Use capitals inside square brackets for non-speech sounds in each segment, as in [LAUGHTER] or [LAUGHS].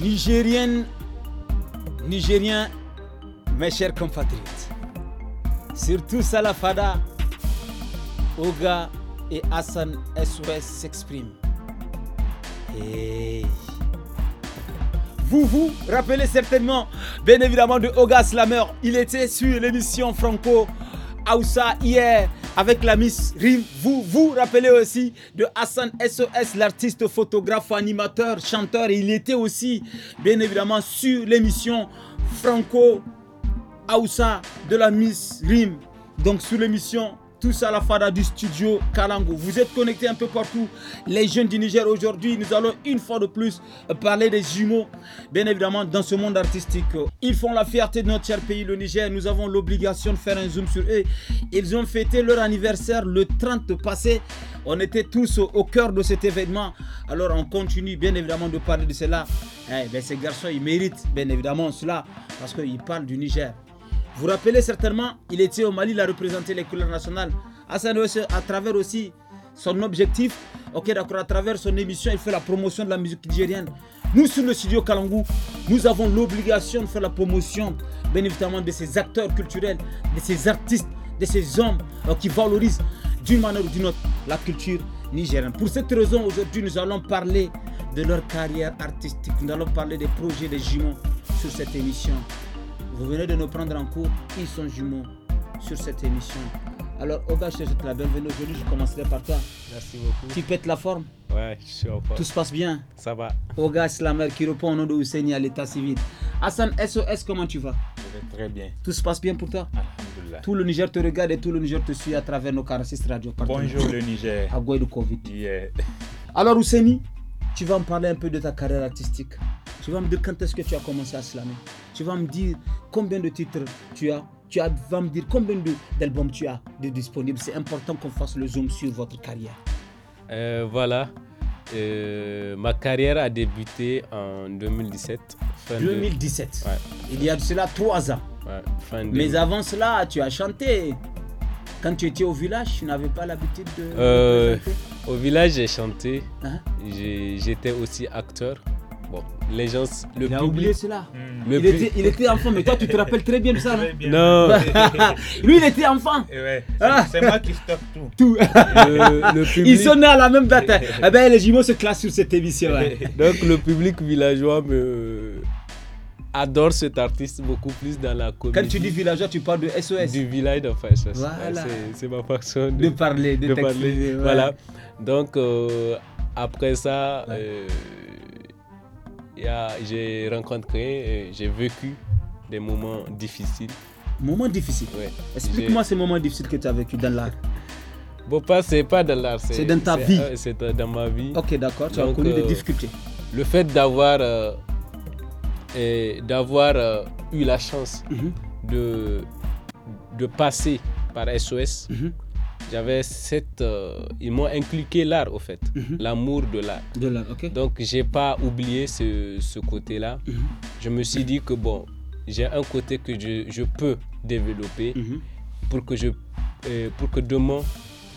Nigérienne, Nigérien, mes chers compatriotes, surtout Salafada, Oga et Hassan SOS s'expriment. Vous vous rappelez certainement, bien évidemment, de Oga Slammer. Il était sur l'émission Franco Aoussa hier avec la Miss RIM, Vous vous rappelez aussi de Hassan SOS, l'artiste photographe, animateur, chanteur. Il était aussi, bien évidemment, sur l'émission Franco Aoussa de la Miss Rim. Donc, sur l'émission tous à la fada du studio Kalango. Vous êtes connectés un peu partout, les jeunes du Niger. Aujourd'hui, nous allons une fois de plus parler des jumeaux, bien évidemment, dans ce monde artistique. Ils font la fierté de notre cher pays, le Niger. Nous avons l'obligation de faire un zoom sur eux. Ils ont fêté leur anniversaire le 30 passé. On était tous au cœur de cet événement. Alors, on continue, bien évidemment, de parler de cela. Eh, ben, ces garçons, ils méritent, bien évidemment, cela, parce qu'ils parlent du Niger. Vous vous rappelez certainement, il était au Mali, il a représenté les couleurs nationales. Hassan à travers aussi son objectif, ok d'accord, à travers son émission, il fait la promotion de la musique nigérienne. Nous, sur le studio Kalangu, nous avons l'obligation de faire la promotion, bien évidemment, de ces acteurs culturels, de ces artistes, de ces hommes euh, qui valorisent d'une manière ou d'une autre la culture nigérienne. Pour cette raison, aujourd'hui, nous allons parler de leur carrière artistique. Nous allons parler des projets des jumeaux sur cette émission. Vous venez de nous prendre en cours, ils sont jumeaux sur cette émission. Alors, Oga, je te la bienvenue aujourd'hui. Je commencerai par toi. Merci beaucoup. Tu pètes la forme Ouais, je suis en forme. Tout se passe bien Ça va. Oga mère qui répond au nom de Hussein à l'état civil. Hassan SOS, comment tu vas Je vais très bien. Tout se passe bien pour toi Alhamdulillah. Tout le Niger te regarde et tout le Niger te suit à travers nos 46 radios. Bonjour le Niger. À [LAUGHS] Covid. Yeah. Alors, Hussein, tu vas me parler un peu de ta carrière artistique tu vas me dire quand est-ce que tu as commencé à slammer. Tu vas me dire combien de titres tu as. Tu vas me dire combien d'albums tu as de disponibles. C'est important qu'on fasse le zoom sur votre carrière. Euh, voilà. Euh, ma carrière a débuté en 2017. 2017. Il y a de cela trois ans. Mais avant cela, tu as chanté. Quand tu étais au village, tu n'avais pas l'habitude de... Euh, au village, j'ai chanté. Hein? J'étais aussi acteur. Bon, les gens. Le il a oublié cela. Hmm. Il, était, enfant, mais toi, tu te rappelles très bien de ça, [LAUGHS] non non [LAUGHS] Lui, il était enfant. Eh ah. c'est moi qui stocke tout. Tout. Ils sont nés à la même date. Hein. [LAUGHS] eh ben, les jumeaux se classent sur cette émission. Hein. là Donc, le public villageois me adore cet artiste beaucoup plus dans la comédie. Quand tu dis villageois, tu parles de SOS. Du village enfin, SOS. Voilà. C'est ma façon de, de parler, de, parler. Voilà. Donc, euh, après ça, euh, j'ai rencontré, j'ai vécu des moments difficiles. Moments difficiles Oui. Explique-moi ces moments difficiles que tu as vécu dans l'art. Bon, pas, c'est pas dans l'art. C'est dans ta vie. Euh, c'est dans ma vie. Ok, d'accord. Tu as connu des euh, difficultés. Le fait d'avoir euh, eu la chance mhm. de, passer par SOS j'avais cette. Euh, ils m'ont impliqué l'art, au fait, mhm. l'amour de l'art. De l'art, ok. Donc, j'ai pas oublié ce, ce côté-là. Mhm. Je me suis dit que, bon, j'ai un côté que je, je peux développer mhm. pour, que je, euh, pour que demain,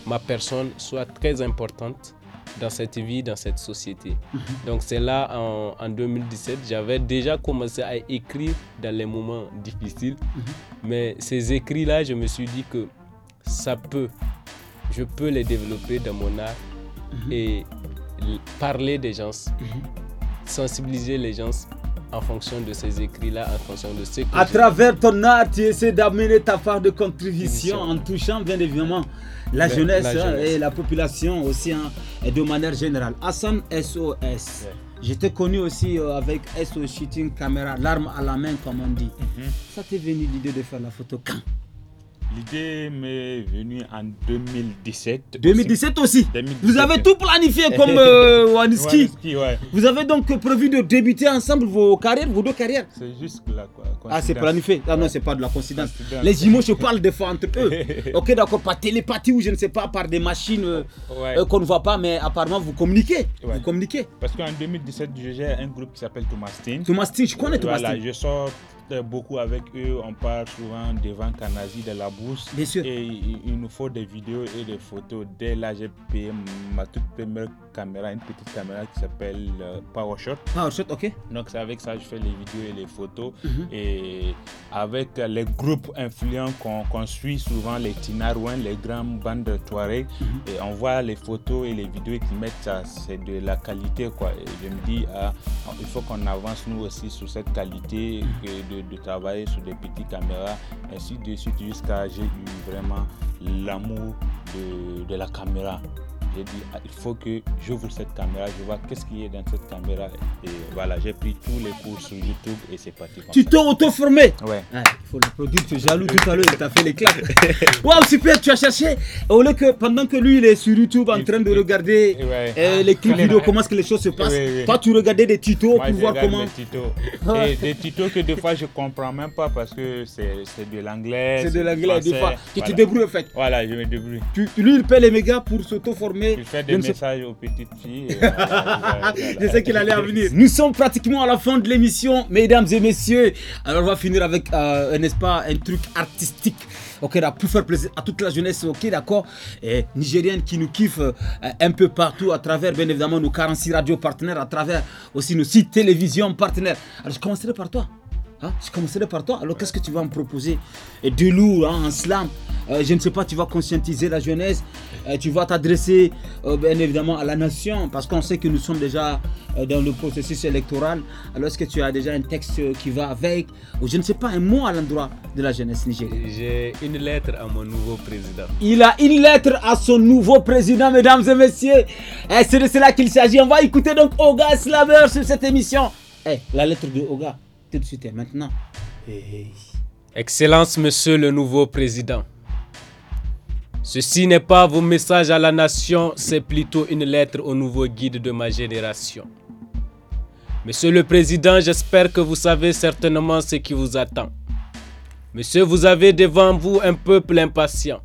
ma personne soit très importante dans cette vie, dans cette société. Donc c'est là, en, en 2017, j'avais déjà commencé à écrire dans les moments difficiles. Mais ces écrits-là, je me suis dit que ça peut je peux les développer dans mon art mhm. et parler des gens, mhm. sensibiliser les gens en fonction de ces écrits-là, en fonction de ce que À travers ton art, tu essaies d'amener ta part de contribution en touchant bien évidemment la, ben, hein, jeunesse, et la population aussi hein, et de manière générale. Hassan SOS. J'étais connu aussi euh, avec SOS Shooting Camera, l'arme à la main comme on dit. Mhm. Ça t'est venu l'idée de faire la photo quand L'idée m'est venue en 2017. 2017 aussi, Vous avez tout planifié comme euh, [LAUGHS] Waniski. Vous avez donc prévu de débuter ensemble vos carrières, vos deux carrières C'est juste là quoi. Ah, c'est planifié. Ah non, c'est pas de la coïncidence. Les jumeaux, se parlent des fois entre eux. [LAUGHS] ok, d'accord, par télépathie ou je ne sais pas, par des machines euh, euh, qu'on ne voit pas, mais apparemment vous communiquez. Vous communiquez. Parce qu'en 2017, j'ai un groupe qui s'appelle Thomas Thomastin, je connais Thomas beaucoup avec eux, on parle souvent devant Kanazi de la bourse. Et il, nous faut des vidéos et des photos. Dès là, j'ai payé ma toute première caméra, une petite caméra qui s'appelle euh, PowerShot. PowerShot, ok. Donc c'est avec ça que je fais les vidéos et les photos. Mhm. Et avec euh, les groupes influents qu'on suit souvent, les Tinarouens, les grandes bandes de Touareg, mhm. et on voit les photos et les vidéos qu'ils mettent, ça, c'est de la qualité. quoi. Et je me dis, ah, il faut qu'on avance nous aussi sur cette qualité de, travailler sur des petites caméras, ainsi de suite, jusqu'à j'ai eu vraiment l'amour de la caméra. J'ai dit, ah, il faut que j'ouvre cette caméra, je vois qu'est-ce qu'il y a dans cette caméra. Et voilà, j'ai pris tous les cours sur YouTube et c'est parti. Tu t'es auto-formé Ouais. Ah, il faut produire, tu es jaloux tout à l'heure, t'as fait les [LAUGHS] Waouh, super, tu as cherché. Au lieu que pendant que lui, il est sur YouTube en train de regarder euh, les clips vidéo, comment est-ce que les choses se passent. Toi, tu regardais des tutos pour voir comment. Des tutos. [LAUGHS] des tutos que des fois, je comprends même pas parce que c'est de l'anglais. C'est de l'anglais, des fois. Tu te débrouilles en fait. Voilà, je me débrouille. Tu, lui, il paie les méga pour s'auto-former il fait des messages aux petites filles. [LAUGHS] Euh, je sais qu'il allait venir. Nous sommes pratiquement à la fin de l'émission, mesdames et messieurs. Alors, on va finir avec, euh, n'est-ce pas, un truc artistique. Ok, pour faire plaisir à toute la jeunesse, ok, d'accord Et Nigérienne qui nous kiffe euh, un peu partout à travers, bien évidemment, nos 46 radios partenaires, à travers aussi nos sites télévision partenaires. Alors, je commencerai par toi. Je hein, commencerai par toi. Alors qu'est-ce que tu vas me proposer Et De lourd, hein, en slam. Euh, je ne sais pas, tu vas conscientiser la jeunesse. Euh, tu vas t'adresser euh, bien évidemment à la nation. Parce qu'on sait que nous sommes déjà dans le processus électoral. Alors est-ce que tu as déjà un texte qui va avec Ou je ne sais pas, un mot à l'endroit de la jeunesse nigérienne. J'ai une lettre à mon nouveau président. Il a une lettre à son nouveau président, mesdames et messieurs. Et C'est de cela qu'il s'agit. On va écouter donc Oga Slaver sur cette émission. Eh, la lettre de Oga tout de suite et maintenant. Excellence, monsieur le nouveau président. Ceci n'est pas vos messages à la nation, c'est plutôt une lettre au nouveau guide de ma génération. Monsieur le Président, j'espère que vous savez certainement ce qui vous attend. Monsieur, vous avez devant vous un peuple impatient,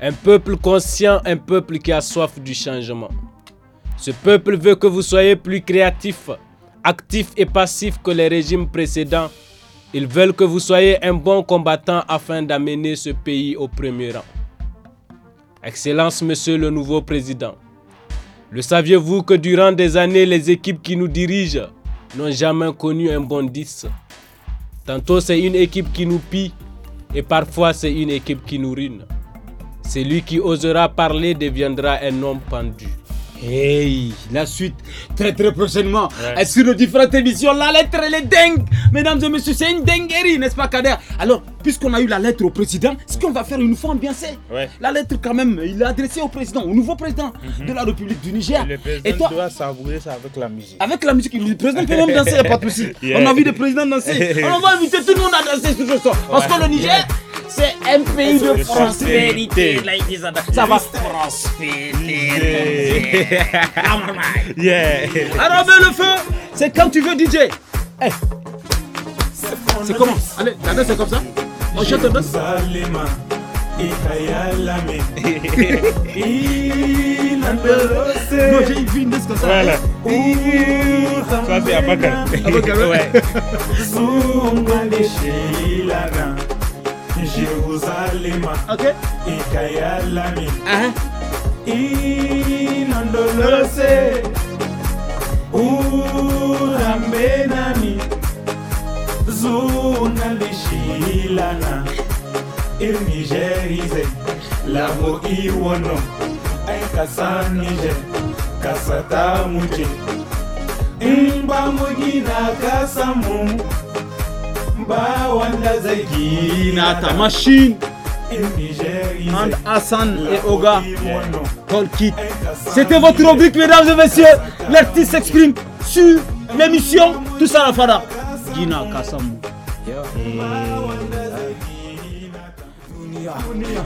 un peuple conscient, un peuple qui a soif du changement. Ce peuple veut que vous soyez plus créatif, actifs et passifs que les régimes précédents. Ils veulent que vous soyez un bon combattant afin d'amener ce pays au premier rang. Excellence, Monsieur le nouveau président, le saviez-vous que durant des années, les équipes qui nous dirigent n'ont jamais connu un bon 10 Tantôt c'est une équipe qui nous pille et parfois c'est une équipe qui nous ruine. Celui qui osera parler deviendra un homme pendu. Hey, la suite très très prochainement sur nos différentes émissions. La lettre, elle est dingue, mesdames et messieurs, c'est une dinguerie, n'est-ce pas, Kader Alors, puisqu'on a eu la lettre au président, ce qu'on va faire une fois, bien c'est la lettre quand même, il est adressé au président, au nouveau président mhm. de la République du Niger. Et le président toi, savourer ça avec la musique. Avec la musique, le président peut même danser, [LAUGHS] pas de souci. On a vu le président danser. [LAUGHS] on va inviter tout le monde à danser sur le son, parce que le Niger. C'est un pays de prospérité. Ça va prospérer. Yeah. Alors, le feu, c'est quand tu veux DJ. Eh. C'est comment Allez, la danse c'est comme ça. On chante la [LAUGHS] Non, j'ai comme ça. Voilà. Ça, c'est à hein? [LAUGHS] Jérusalem, okay. Ikayalami, uh -huh. Inondolose, Urambenami, Zungalishilana, Ilnigerize, Lavo Iwono, Aikasa Niger, Kasata Muche, Mbamugina Kasamu. Bawanda wanda zai ta machine And Hassan et Oga Tolkit. C'était votre rubrique, mesdames et messieurs. L'artiste s'exprime sur l'émission Tout ça la fada. Gina Kassamu.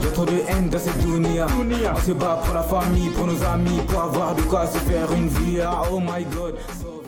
J'ai trop de haine dans cette dunia On se bat pour la famille, pour nos amis Pour avoir de quoi se faire une vie ah, Oh my god